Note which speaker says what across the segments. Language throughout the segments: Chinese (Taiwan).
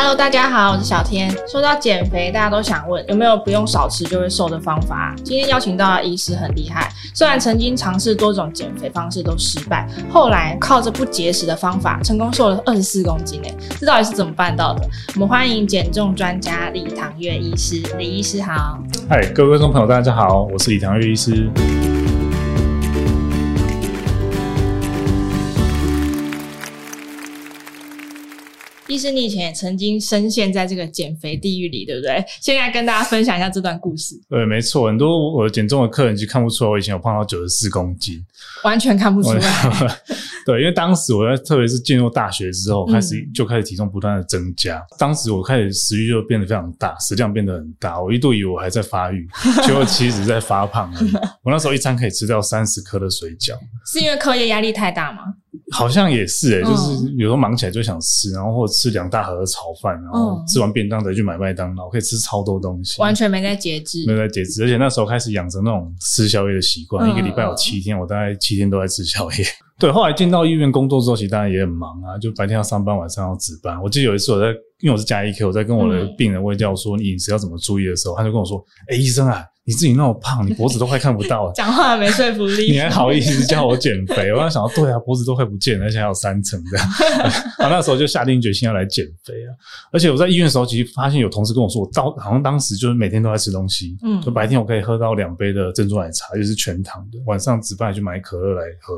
Speaker 1: Hello，大家好，我是小天。說到減肥，大家都想問有沒有不用少吃就會瘦的方法啊？今天邀請到的醫師很厲害，雖然曾經嘗試多種減肥方式都失敗，後來靠着不節食的方法成功瘦了二十四公斤誒、欸，這到底是怎麼辦到的？我們歡迎減重專家李唐越醫師。李醫師好。
Speaker 2: 嗨，各位觀眾朋友，大家好，我是李唐越醫師。
Speaker 1: 其實你以前也曾經深陷在這個減肥地獄裡，對不對？現在跟大家分享一下這段故事。
Speaker 2: 對，沒錯，很多我減重的客人其實看不出來我以前有胖到九十四公斤，
Speaker 1: 完全看不出來。
Speaker 2: 對，因為當時我在，特別是進入大學之後，開始就開始體重不斷的增加、嗯。當時我開始食欲就變得非常大，食量變得很大。我一度以為我還在發育，結果其實在發胖。 我那時候一餐可以吃掉三十顆的水餃，
Speaker 1: 是因為課業壓力太大嗎？
Speaker 2: 好像也是誒、欸嗯、就是有時候忙起來就想吃，然後或者吃兩大盒炒飯，然後吃完便當再去買麥當勞，可以吃超多東西，
Speaker 1: 完全沒在節制，沒
Speaker 2: 在節制。而且那時候開始養成那種吃宵夜的習慣、嗯，一個禮拜有七天，我大概七天都在吃宵夜。嗯、對，後來進到醫院工作之後，其實大家也很忙啊，就白天要上班，晚上要值班。我記得有一次我在。因為我是家醫科，我在跟我的病人問教說，你飲食要怎麼注意的時候，嗯、他就跟我說：“哎、欸，醫生啊，你自己那麼胖，你脖子都快看不到了，
Speaker 1: 講 話沒說服力， 你還好意思叫
Speaker 2: 我減肥？” 我那時候想，對啊，脖子都快不見了，而且還有三層這樣。好， 那時候就下定決心要來減肥啊。而且我在醫院的時候，其實發現有同事跟我說，我當好像當時就是每天都在吃東西，嗯，就白天我可以喝到兩杯的珍珠奶茶，就是全糖的，晚上值班還去買可樂來喝。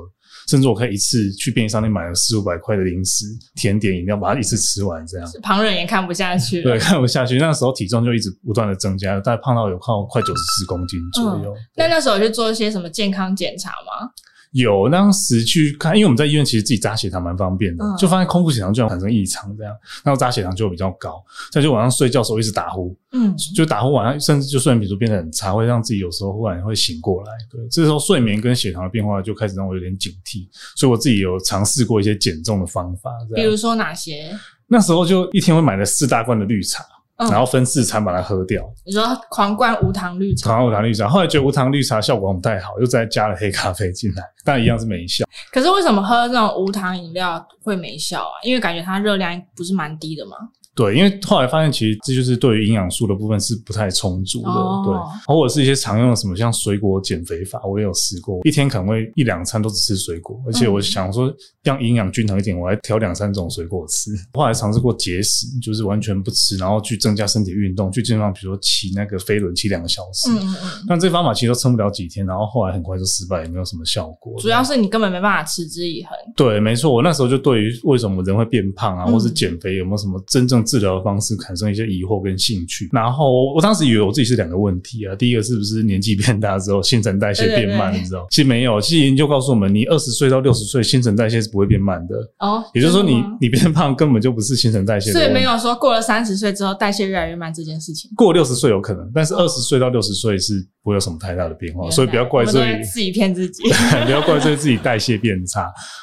Speaker 2: 甚至我可以一次去便利商店買了四五百塊的零食、甜點、飲料，把它一次吃完，這樣
Speaker 1: 旁人也看不下去。對，看不
Speaker 2: 下去。那時候體重就一直不斷的增加，大概胖到有快快九十四公斤左
Speaker 1: 右。嗯、那那時候去做一些什麼健康檢查嗎？
Speaker 2: 有，當時去看，因為我們在醫院其實自己扎血糖蠻方便的，嗯，就發現空腹血糖就會產生異常，這樣，然後扎血糖就會比較高，再就晚上睡覺的時候一直打呼，嗯，就打呼晚上甚至就睡眠品質變得很差，會讓自己有時候忽然會醒過來，對，這時候睡眠跟血糖的變化就開始讓我有點警惕，所以我自己有嘗試過一些減重的方法。比如
Speaker 1: 說哪些？
Speaker 2: 那時候就一天會買了四大罐的綠茶。然後分四餐把它喝掉。
Speaker 1: 哦，你說狂灌無糖綠茶，狂
Speaker 2: 灌無糖綠茶。後來覺得無糖綠茶效果不太好，又再加了黑咖啡進來，但一樣是沒效。
Speaker 1: 可是為什麼喝這種無糖飲料會沒效啊？因為感覺它熱量不是蠻低的嘛。
Speaker 2: 對，因為後來發現，其實這就是對於營養素的部分是不太充足的、哦。對，或者是一些常用的什麼，像水果減肥法，我也有試過，一天可能會一兩餐都只吃水果，而且我想說讓、嗯、營養均衡一點，我還挑兩三種水果吃。後來嘗試過節食，就是完全不吃，然後去增加身體運動，去健身房，比如說騎那個飛輪，騎兩個小時。嗯。但這方法其實都撐不了幾天，然後後來很快就失敗，也沒有什麼效果。主
Speaker 1: 要是你根本沒辦法持之以恆。
Speaker 2: 對，沒錯。我那時候就對於為什麼人會變胖啊，嗯、或者減肥有沒有什麼真正。治療方式產生一些疑惑跟興趣，然後我當時以為我自己是兩個問題啊，第一個是不是年紀變大之後新陳代謝變慢，你知道嗎？其實沒有，其實研究告訴我們，你二十歲到六十歲新陳代謝是不會變慢的哦。也就是說你，你你變胖根本就不是新陳代謝的。所以沒有
Speaker 1: 說過了三十歲之後代謝越來越慢這件事情，過
Speaker 2: 六十歲有可能，但是二十歲到六十歲是不會有什麼太大的變化，所以不要怪自己，自己，自
Speaker 1: 己騙自己。不要怪罪
Speaker 2: 自己代謝變差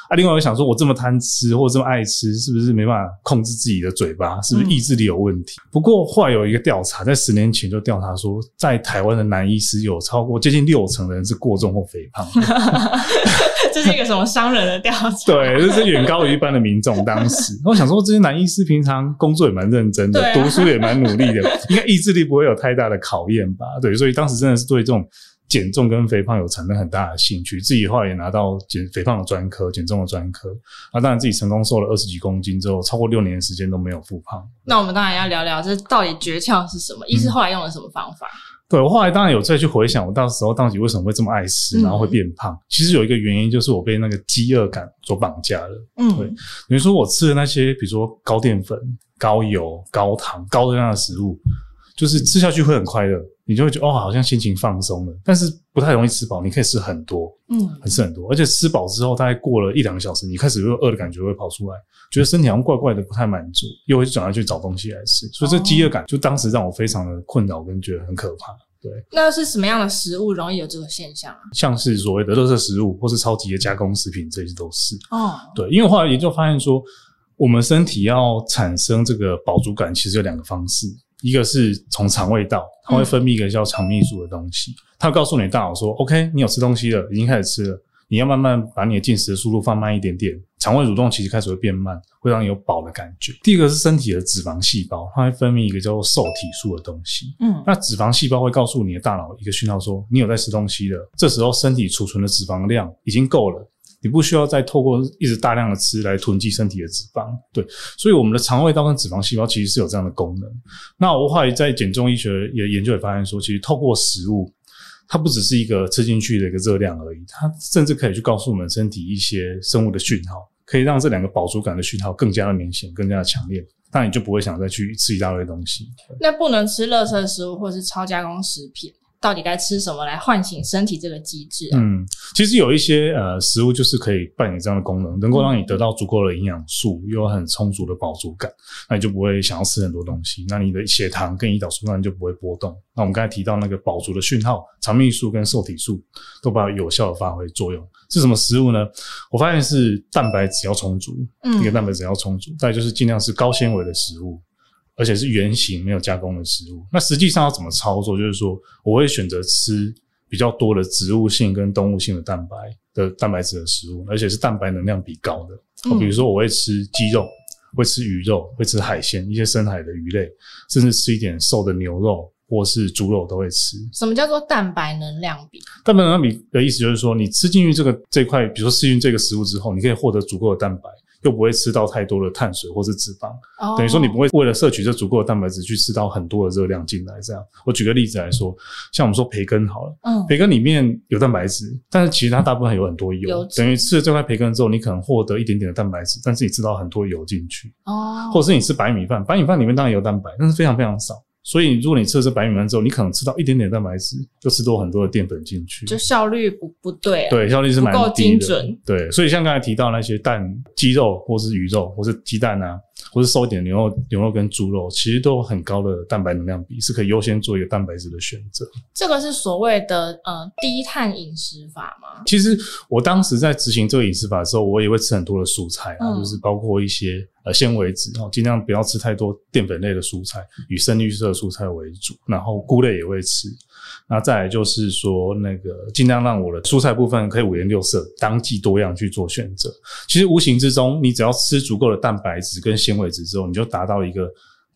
Speaker 2: 啊！另外，我想說，我這麼貪吃或者這麼愛吃，是不是沒辦法控制自己的嘴巴？是不是意志力有問題？嗯、不過，後來有一個調查，在十年前就調查說，在台灣的男醫師有超過接近六成的人是過重或肥胖。這是一個什麼傷人的調查？ 對，這、就是遠高於一般的民眾。 當時我想說，這些男醫師平常工作也蠻認真的，啊、讀書也蠻努力的， 應該意志力不會有太大的考驗吧？對，所以當時真的是。對這種減重跟肥胖有產生很大的興趣，自己後來也拿到減肥胖的專科、減重的專科。那、啊、當然自己成功瘦了二十幾公斤之後，超過六年的時間都沒有復胖。
Speaker 1: 那我們當然要聊聊這到底訣竅是什麼？醫師，嗯、是後來用了什麼方法？
Speaker 2: 對我後來當然有再去回想，我到時候當時為什麼會這麼愛吃、嗯，然後會變胖。其實有一個原因就是我被那個飢餓感所綁架了。嗯，對，比如說我吃的那些，比如說高澱粉、高油、高糖、高熱量的食物。就是吃下去會很快樂，你就會覺得哇、哦，好像心情放鬆了。但是不太容易吃飽，你可以吃很多，嗯，很吃很多。而且吃飽之後，大概過了一兩個小時，你開始有餓的感覺會跑出來，覺得身體好像怪怪的，不太滿足，又會轉而去找東西來吃。所以這飢餓感就當時讓我非常的困擾，跟覺得很可怕，
Speaker 1: 對、哦。對，那是什麼樣的食物容易有這個現象？
Speaker 2: 像是所謂的垃圾食物，或是超級的加工食品，這些都是哦。對，因為後來研究發現說，我們身體要產生這個飽足感，其實有兩個方式。一個是從腸胃道，它會分泌一個叫腸泌素的東西，嗯、它會告訴你的大腦說，OK，你有吃東西了，已經開始吃了，你要慢慢把你的進食的速度放慢一點點，腸胃蠕動其實開始會變慢，會讓你有飽的感覺。嗯、第一個是身體的脂肪細胞，它會分泌一個叫做瘦體素的東西，嗯，那脂肪細胞會告訴你的大腦一個訊號說，你有在吃東西了，這時候身體儲存的脂肪量已經夠了。你不需要再透過一直大量的吃來囤積身體的脂肪，對，所以我們的腸胃道跟脂肪細胞其實是有這樣的功能。那我後來在減重醫學也研究也發現說，其實透過食物，它不只是一個吃進去的一個熱量而已，它甚至可以去告訴我們身體一些生物的訊號，可以讓這兩個飽足感的訊號更加的明顯、更加的強烈，那你就不會想再去吃一大堆東西。
Speaker 1: 那不能吃垃圾食物或是超加工食品。到底該吃什麼來喚醒身體這個機制？啊？嗯，
Speaker 2: 其實有一些呃食物就是可以扮演這樣的功能，能夠讓你得到足夠的營養素，又很充足的飽足感，那你就不會想要吃很多東西，那你的血糖跟胰島素當然就不會波動。那我們剛才提到那個飽足的訊號，腸泌素跟受體素都把它有效的發揮作用。是什麼食物呢？我發現是蛋白質要充足。嗯，一個蛋白質要充足，再就是盡量是高纖維的食物。而且是原型沒有加工的食物。那實際上要怎麼操作？就是說，我會選擇吃比較多的植物性跟動物性的蛋白的蛋白質的食物，而且是蛋白能量比高的。嗯，比如說我會吃雞肉，會吃魚肉，會吃海鮮，一些深海的魚類，甚至吃一點瘦的牛肉或是豬肉都會吃。
Speaker 1: 什麼叫做蛋白能量比？
Speaker 2: 蛋白能量比的意思就是說，你吃進去這個這塊，比如說吃進這個食物之後，你可以獲得足夠的蛋白。又不會吃到太多的碳水或是脂肪，哦、等於說你不會為了攝取這足夠的蛋白質去吃到很多的熱量進來。這樣，我舉個例子來說，像我們說培根好了，嗯，培根裡面有蛋白質，但是其實它大部分有很多油，嗯、等於吃了這塊培根之後，你可能獲得一點點的蛋白質，但是你吃到很多油進去，哦，或者是你吃白米飯，白米飯裡面當然有蛋白，但是非常非常少。所以，如果你吃這白米飯之後，你可能吃到一點點蛋白質，又吃多很多的澱粉進去，就
Speaker 1: 效率不不對、啊。對，
Speaker 2: 效率是蠻低的，不夠精準。對，所以像剛才提到那些蛋雞、雞肉或是魚肉或是雞蛋呢、啊？或是瘦一點牛肉，牛肉跟豬肉其實都有很高的蛋白能量比，是可以優先做一個蛋白質的選擇。
Speaker 1: 這個是所謂的呃低碳飲食法嗎？其
Speaker 2: 實我當時在執行這個飲食法的時候，我也會吃很多的蔬菜、啊嗯，就是包括一些呃纖維質，喔，盡量不要吃太多澱粉類的蔬菜，以深綠色的蔬菜為主，然後菇類也會吃。那再來就是說，那個盡量讓我的蔬菜部分可以五顏六色，當季多樣去做選擇。其實無形之中，你只要吃足夠的蛋白質跟纖維質之後，你就達到一個。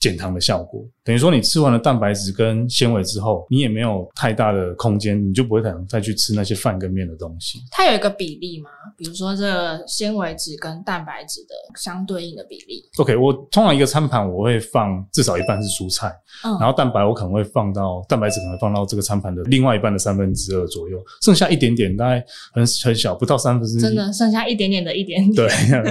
Speaker 2: 減糖的效果，等於說你吃完了蛋白質跟纖維之後，你也沒有太大的空間，你就不會想再去吃那些飯跟面的東西。
Speaker 1: 它有一個比例嗎？比如說這個纖維質跟蛋白質的相對應的比例
Speaker 2: ？OK 我通常一個餐盤我會放至少一半是蔬菜，嗯、然後蛋白我可能會放到蛋白質可能放到這個餐盤的另外一半的三分之二左右，剩下一點點大概很很小，不到三分之一真的
Speaker 1: 剩下一點點的一點點，
Speaker 2: 對，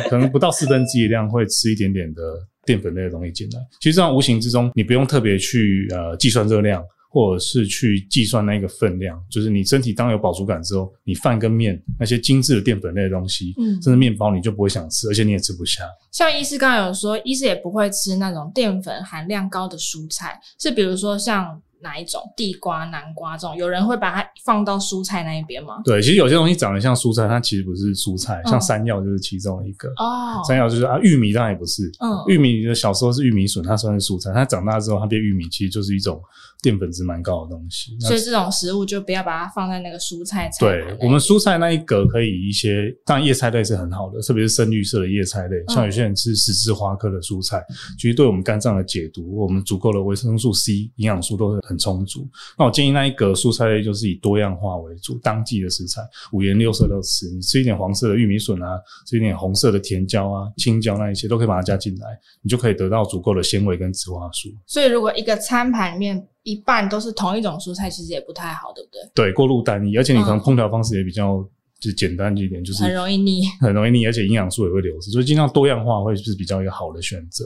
Speaker 2: 可能不到四分之一量會吃一點點的。澱粉類的東西進來，其實這樣無形之中，你不用特別去呃計算熱量，或者是去計算那個分量，就是你身體當有飽足感之後，你飯跟麵那些精緻的澱粉類的東西，嗯，甚至麵包你就不會想吃，而且你也吃不下。
Speaker 1: 像醫師剛才有說，醫師也不會吃那種澱粉含量高的蔬菜，是比如說像。哪一種地瓜、南瓜這種，有人會把它放到蔬菜那一邊嗎？
Speaker 2: 對，其實有些東西長得像蔬菜，它其實不是蔬菜。嗯、像山藥就是其中一個。哦、嗯，山藥就是啊，玉米當然也不是。嗯，玉米的小時候是玉米筍，它算是蔬菜。它長大之後，它變玉米，其實就是一種澱粉質蠻高的東西。所以這
Speaker 1: 種食物就不要把它放在那個蔬菜。對，我
Speaker 2: 們蔬菜那一格可以一些，當然葉菜類是很好的，特別是深綠色的葉菜類。像有些人吃十字花科的蔬菜，嗯、其實對我們肝臟的解毒，我們足夠的維生素 C、營養素都是。很充足。那我建議那一格蔬菜就是以多樣化為主，當季的食材五顏六色都吃。你吃一點黃色的玉米筍啊，吃一點紅色的甜椒啊、青椒那一些，都可以把它加進來，你就可以得到足夠的纖維跟植化素。
Speaker 1: 所以，如果一個餐盤裡面一半都是同一種蔬菜，其實也不太好，對不對？
Speaker 2: 對，過度單一，而且你可能烹調方式也比較就簡單一點，就是很容易膩，很容易膩，而且營養素也會流失。所以，盡量多樣化會是比較一個好的選擇。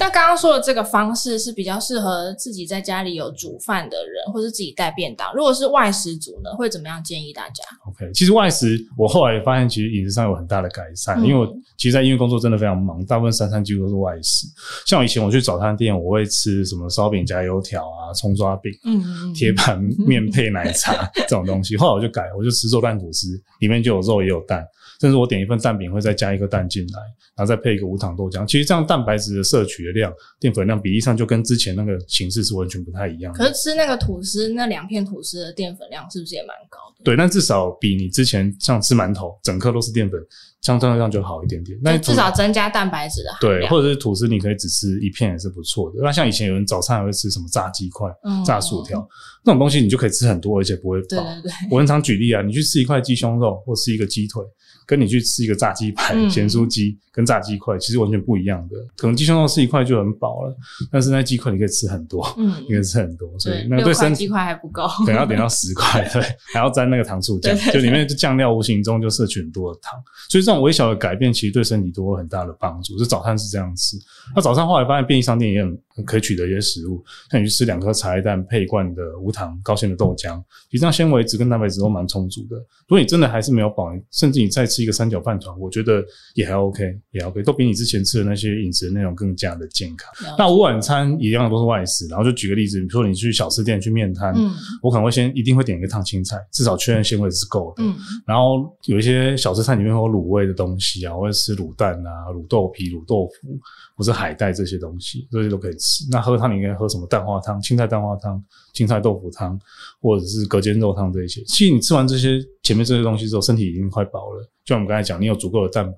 Speaker 1: 那剛剛說的這個方式是比較適合自己在家裡有煮飯的人，或是自己帶便當。如果是外食族呢，會怎麼樣？建議大家。
Speaker 2: OK，其實外食，我後來也發現其實飲食上有很大的改善，嗯、因為我其實，在因為工作真的非常忙，大部分三餐幾乎都是外食。像以前我去早餐店，我會吃什麼燒餅加油條啊，蔥抓餅，嗯，鐵板面配奶茶嗯嗯，這種東西。後來我就改，我就吃肉蛋吐司，裡面就有肉也有蛋。甚至我點一份蛋餅，會再加一個蛋進來，然後再配一個無糖豆漿。其實這樣蛋白質的攝取的量、澱粉量比例上，就跟之前那個形式是完全不太一樣的。可
Speaker 1: 是吃那個吐司，那兩片吐司的澱粉量是不是也蠻高
Speaker 2: 的？對，那至少比你之前像吃饅頭，整顆都是澱粉。像這樣就好一點點，那至少
Speaker 1: 增加蛋白質的。對，或者是
Speaker 2: 吐司，你可以只吃一片也是不錯的、嗯。那像以前有人早餐還會吃什麼炸雞塊、嗯、炸薯條那種東西，你就可以吃很多，而且不會飽。對對對。我很常舉例啊，你去吃一塊雞胸肉，或吃一個雞腿，跟你去吃一個炸雞排、鹹、嗯、酥雞跟炸雞塊，其實完全不一樣的。可能雞胸肉吃一塊就很飽了，但是那雞塊你可以吃很多，嗯，你可以吃很多，嗯、所以對那對身。六塊雞
Speaker 1: 塊還不夠，等下點到
Speaker 2: 十塊，對， 對，還要沾那個糖醋醬，就裡面的醬料無形中就攝取很多的糖，所以。這種微小的改變，其實對身體都有很大的幫助。就早餐是這樣吃，那、嗯啊、早餐後來發現便利商店也很，可以取得一些食物，像你去吃兩顆茶葉蛋，配一罐的無糖高纖的豆漿，其實它纖維質跟蛋白質都蠻充足的。如果你真的還是沒有飽，甚至你再吃一個三角飯團，我覺得也還 OK，也還 OK，都比你之前吃的那些飲食內容更加的健康。那我晚餐一樣都是外食，然後就舉個例子，比如說你去小吃店去麵攤，嗯，我可能會先一定會點一個燙青菜，至少確認纖維是夠的、嗯。然後有一些小吃攤裡面會有滷味的東西啊，我會吃滷蛋啊、滷豆皮、滷豆腐或者海帶這些東西，這些都可以吃。那喝湯你應該喝什麼？蛋花湯、青菜蛋花湯、青菜豆腐湯，或者是隔間肉湯這一些。其實你吃完這些前面這些東西之後，身體已經快飽了。就像我們剛才講，你有足夠的蛋白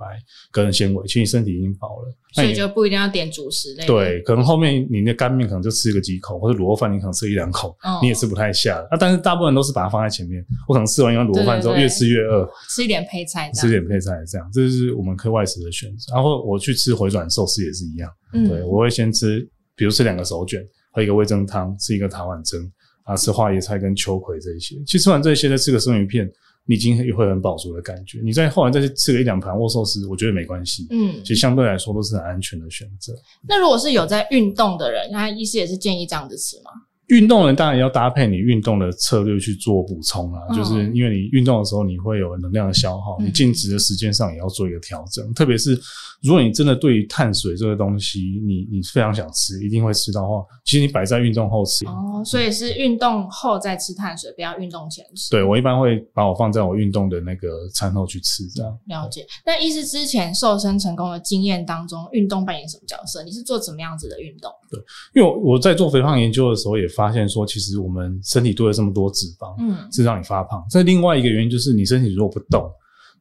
Speaker 2: 跟纖維，其實你身體已經飽了，所以就
Speaker 1: 不一定要點主食類。對，
Speaker 2: 可能後面你的乾麵可能就吃個幾口，或者滷肉飯你可能吃一兩口、哦，你也吃不太下的。那、啊、但是大部分都是把它放在前面。我可能吃完一碗滷肉飯之後，越吃越餓，
Speaker 1: 吃一點配菜，吃一點
Speaker 2: 配菜這樣，這樣這是我們可以外食的選擇。然後我去吃回轉壽司也是一樣，嗯、對我會先吃。比如吃兩個手卷，喝一個味噌湯，吃一個茶碗蒸啊，吃花椰菜跟秋葵這一些，其實吃完這些再吃個生魚片，你已經會很飽足的感覺。你再後來再去吃個一兩盤握壽司，我覺得沒關係。嗯，其實相對來說都是很安全的選擇，嗯。
Speaker 1: 那如果是有在運動的人，那醫師也是建議這樣子吃嗎？
Speaker 2: 運動人當然要搭配你運動的策略去做補充啊、嗯，就是因為你運動的時候你會有能量的消耗，嗯、你靜止的時間上也要做一個調整。嗯、特別是如果你真的對於碳水這個東西，你你非常想吃，一定會吃到的話，其實你擺在運動後吃哦，
Speaker 1: 所以是運動後再吃碳水，不要運動前
Speaker 2: 吃。對，我一般會把我放在我運動的那個餐後去吃，這樣、嗯、
Speaker 1: 了解。那醫師之前瘦身成功的經驗當中，運動扮演什麼角色？你是做怎麼樣子的運動？對，
Speaker 2: 因為我我在做肥胖研究的時候也發。發現說，其實我們身體多了這麼多脂肪，嗯，是讓你發胖。這另外一個原因就是，你身體如果不動，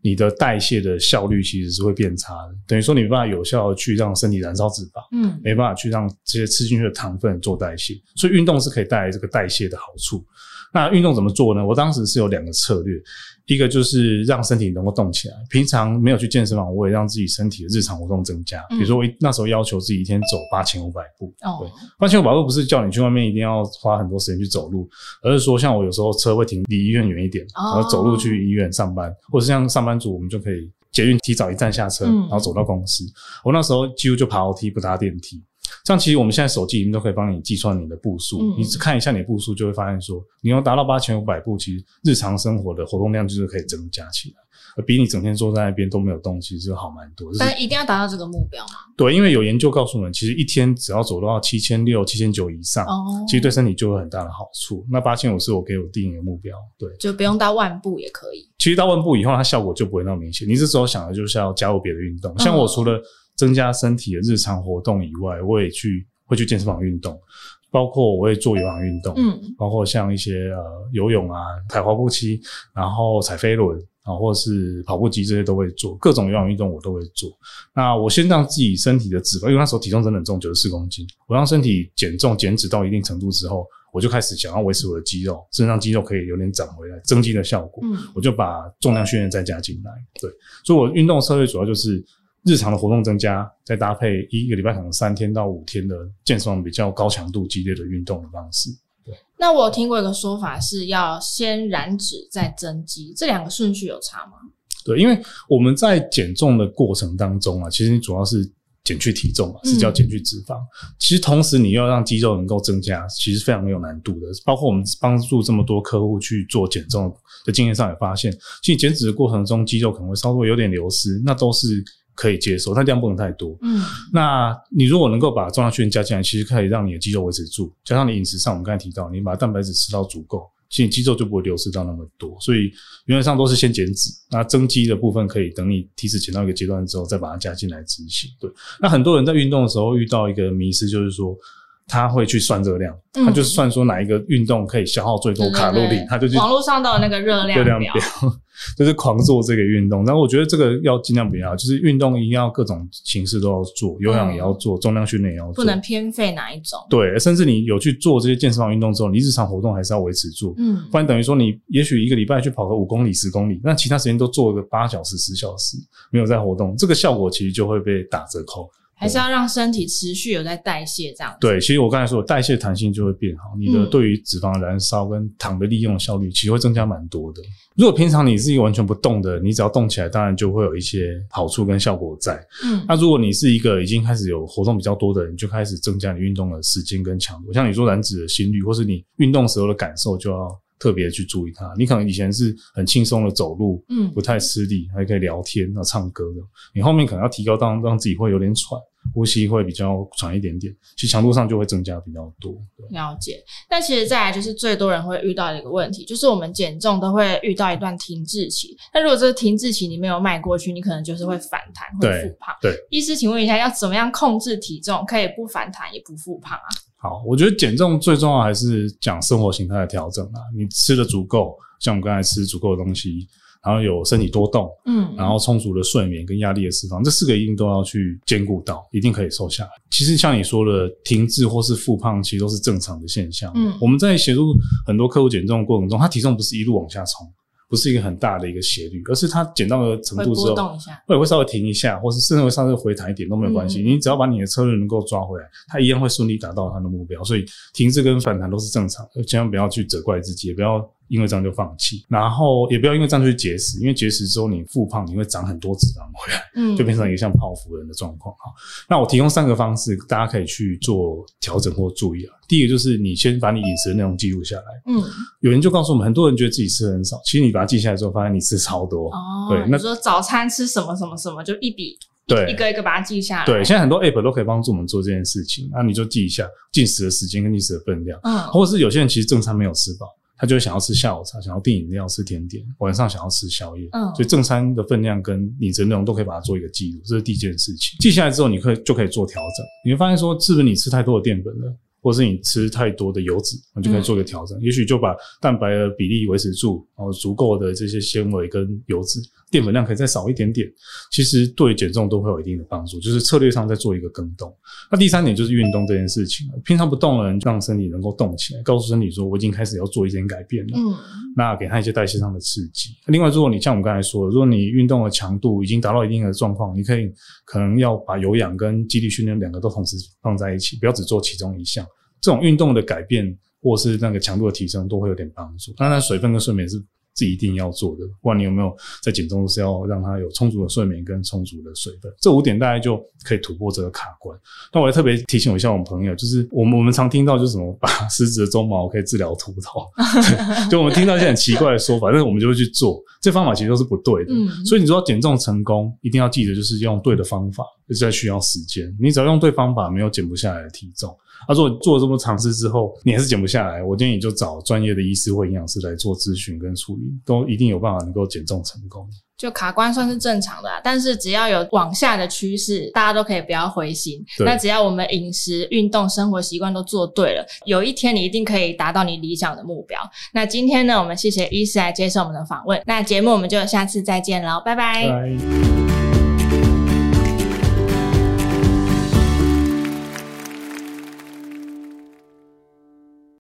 Speaker 2: 你的代謝的效率其實是會變差的。等於說，你沒辦法有效的去讓身體燃燒脂肪，嗯，沒辦法去讓這些吃進去的糖分做代謝。所以運動是可以帶來這個代謝的好處。那運動怎麼做呢？我當時是有兩個策略，一個就是讓身體能夠動起來。平常沒有去健身房，我也讓自己身體的日常活動增加。嗯、比如說，我那時候要求自己一天走八千五百步。哦，對。八千五百步不是叫你去外面一定要花很多時間去走路，而是說，像我有時候車會停離醫院遠一點，然後走路去醫院上班，哦、或者像上班族，我們就可以捷運提早一站下車，嗯，然後走到公司。我那時候幾乎就爬樓梯，不搭電梯。這樣其實我們現在手機裡面都可以幫你計算你的步數、嗯。你只看一下你的步數，就會發現說，你要達到八千五百步，其實日常生活的活動量就是可以增加起來，而比你整天坐在那邊都沒有動，其實就好蠻多、就是。但
Speaker 1: 一定要達到這個目標嗎？
Speaker 2: 對，因為有研究告訴我們，其實一天只要走的話七千六、七千九以上、哦，其實對身體就有很大的好處。那八千五是我給我定一個目標，對，
Speaker 1: 就不用到萬步也可以、
Speaker 2: 嗯。其實到萬步以後，它效果就不會那麼明顯。你這時候想的就是要加入別的運動、嗯，像我除了。增加身體的日常活動以外，我也去會去健身房運動，包括我會做有氧運動，嗯，包括像一些呃游泳啊、踩滑步機，然後踩飛輪啊，然後或者是跑步機這些都會做，各種有氧運動我都會做。那我先讓自己身體的脂肪，因為那時候體重真的很重九十四公斤，我讓身體減重減脂到一定程度之後，我就開始想要維持我的肌肉，身上肌肉可以有點長回來增肌的效果，嗯，我就把重量訓練再加進來。對，所以我運動策略主要就是。日常的活動增加，再搭配一個禮拜可能三天到五天的健身比較高強度、激烈的運動的方式。
Speaker 1: 對，那我聽過一個說法是要先燃脂再增肌，這兩個順序有差嗎？
Speaker 2: 對，因為我們在減重的過程當中啊，其實你主要是減去體重嘛，是叫減去脂肪。嗯。其實同時你要讓肌肉能夠增加，其實非常沒有難度的。包括我們幫助這麼多客戶去做減重的經驗上也發現，其實減脂的過程中肌肉可能會稍微有點流失，那都是。可以接受，但量不能太多。嗯，那你如果能夠把重量訓練加進來，其實可以讓你的肌肉維持住。加上你飲食上，我們剛才提到，你把蛋白質吃到足夠，其實肌肉就不會流失到那麼多。所以，原則上都是先減脂，那增肌的部分可以等你體脂減到一個階段之後，再把它加進來執行。對，那很多人在運動的時候遇到一個迷思，就是說。他會去算熱量，嗯，他就是算說哪一個運動可以消耗最多卡路里，對對對，他就去網絡上
Speaker 1: 都有那個熱量熱量表，嗯、
Speaker 2: 量表 就是狂做這個運動，嗯。然後我覺得這個要盡量不要，就是運動一定要各種形式都要做，有氧也要做，重量訓練也要做，做、嗯。不能
Speaker 1: 偏廢哪一種。
Speaker 2: 對，甚至你有去做這些健身房運動之後，你日常活動還是要維持住。嗯，不然等於說你也許一個禮拜去跑個五公里、十公里，那其他時間都做個八小時、十小時沒有在活動，這個效果其實就會被打折扣。
Speaker 1: 還是要讓身體持續有在代
Speaker 2: 謝這樣子。對，其實我剛才說代謝彈性就會變好，你的對於脂肪燃燒跟糖的利用的效率其實會增加蠻多的。如果平常你是一個完全不動的，你只要動起來，當然就會有一些好處跟效果在。嗯，那、啊、如果你是一個已經開始有活動比較多的人，就開始增加你運動的時間跟強度，像你做燃脂的心率或是你運動時候的感受，就要特別去注意它。你可能以前是很輕鬆的走路，嗯，不太吃力，還可以聊天啊、唱歌的。你後面可能要提高到讓自己會有點喘。呼吸會比較喘一點點，其實強度上就會增加比較多。
Speaker 1: 了解。那其實再來就是最多人會遇到的一個問題，就是我們減重都會遇到一段停滯期。那如果這個停滯期你沒有邁過去，你可能就是會反彈、嗯，會復胖。對。醫師，請問一下，要怎麼樣控制體重，可以不反彈也不復胖啊？
Speaker 2: 好，我覺得減重最重要還是講生活形態的調整啊。你吃得足夠，像我們剛才吃足夠的東西。然後有身體多動，嗯，嗯，然後充足的睡眠跟壓力的釋放，這四個一定都要去兼顧到，一定可以瘦下來。其實像你說的，停滯或是復胖，其實都是正常的現象。嗯，我們在協助很多客戶減重的過程中，他體重不是一路往下衝，不是一個很大的一個斜率，而是他減到的程度之後，波動一下，或者會稍微停一下，或是甚至會稍微回彈一點都沒有關係，嗯。你只要把你的策略能夠抓回來，他一樣會順利達到他的目標。所以停滯跟反彈都是正常，千萬不要去責怪自己，也不要，因為這樣就放棄，然後也不要因為這樣去節食，因為節食之後你復胖，你會長很多脂肪回來，嗯，就變成一個像泡芙人的狀況啊。那我提供三個方式，大家可以去做調整或注意啊。第一個就是你先把你飲食的內容記錄下來，嗯，有人就告訴我們，很多人覺得自己吃的很少，其實你把它記下來之後，發現你吃超多哦。對，那比如說
Speaker 1: 早餐吃什麼什麼什麼，就一筆，對，一個，一個一個把它記下來。對，現
Speaker 2: 在很多 app 都可以幫助我們做這件事情，那、啊、你就記一下進食的時間跟進食的分量，嗯，或者是有些人其實正餐沒有吃飽。他就想要吃下午茶，想要訂飲料吃甜點，晚上想要吃宵夜。Oh. 所以正餐的分量跟飲食內容都可以把它做一個記錄，這是第一件事情。記下來之後，你可以就可以做調整。你會發現說是不是你吃太多的澱粉了，或者是你吃太多的油脂，你就可以做一個調整。嗯、也許就把蛋白的比例維持住，然後足夠的這些纖維跟油脂，澱粉量可以再少一點點，其實對減重都會有一定的幫助。就是策略上再做一個更動。那第三點就是運動這件事情，平常不動的人，讓身體能夠動起來，告訴身體說我已經開始要做一點改變了，嗯。那給他一些代謝上的刺激。另外，如果你像我們剛才說的，如果你運動的強度已經達到一定的狀況，你可以可能要把有氧跟肌力訓練兩個都同時放在一起，不要只做其中一項。這種運動的改變，或是那個強度的提升，都會有點幫助。當然，水分跟睡眠是。是一定要做的，不管你有沒有在減重，都是要讓他有充足的睡眠跟充足的水分。這五點大概就可以突破這個卡關。那我還特別提醒我一下，我們朋友就是我們我們常聽到就是什麼把獅子的鬃毛可以治療禿頭， 就我們聽到一些很奇怪的說法，但是我們就會去做。這方法其實都是不對的。嗯，所以你說減重成功，一定要記得就是用對的方法，就是在需要時間。你只要用對方法，沒有減不下來的體重。他、啊、說：“做了這麼嘗試之後，你還是減不下來。我建議你就找專業的醫師或營養師來做諮詢跟處理，都一定有辦法能夠減重成功。
Speaker 1: 就卡關算是正常的、啊，但是只要有往下的趨勢，大家都可以不要灰心。那只要我們飲食、運動、生活習慣都做對了，有一天你一定可以達到你理想的目標。那今天呢，我們謝謝醫師來接受我們的訪問。那節目我們就下次再見囉，拜拜。
Speaker 2: Bye ”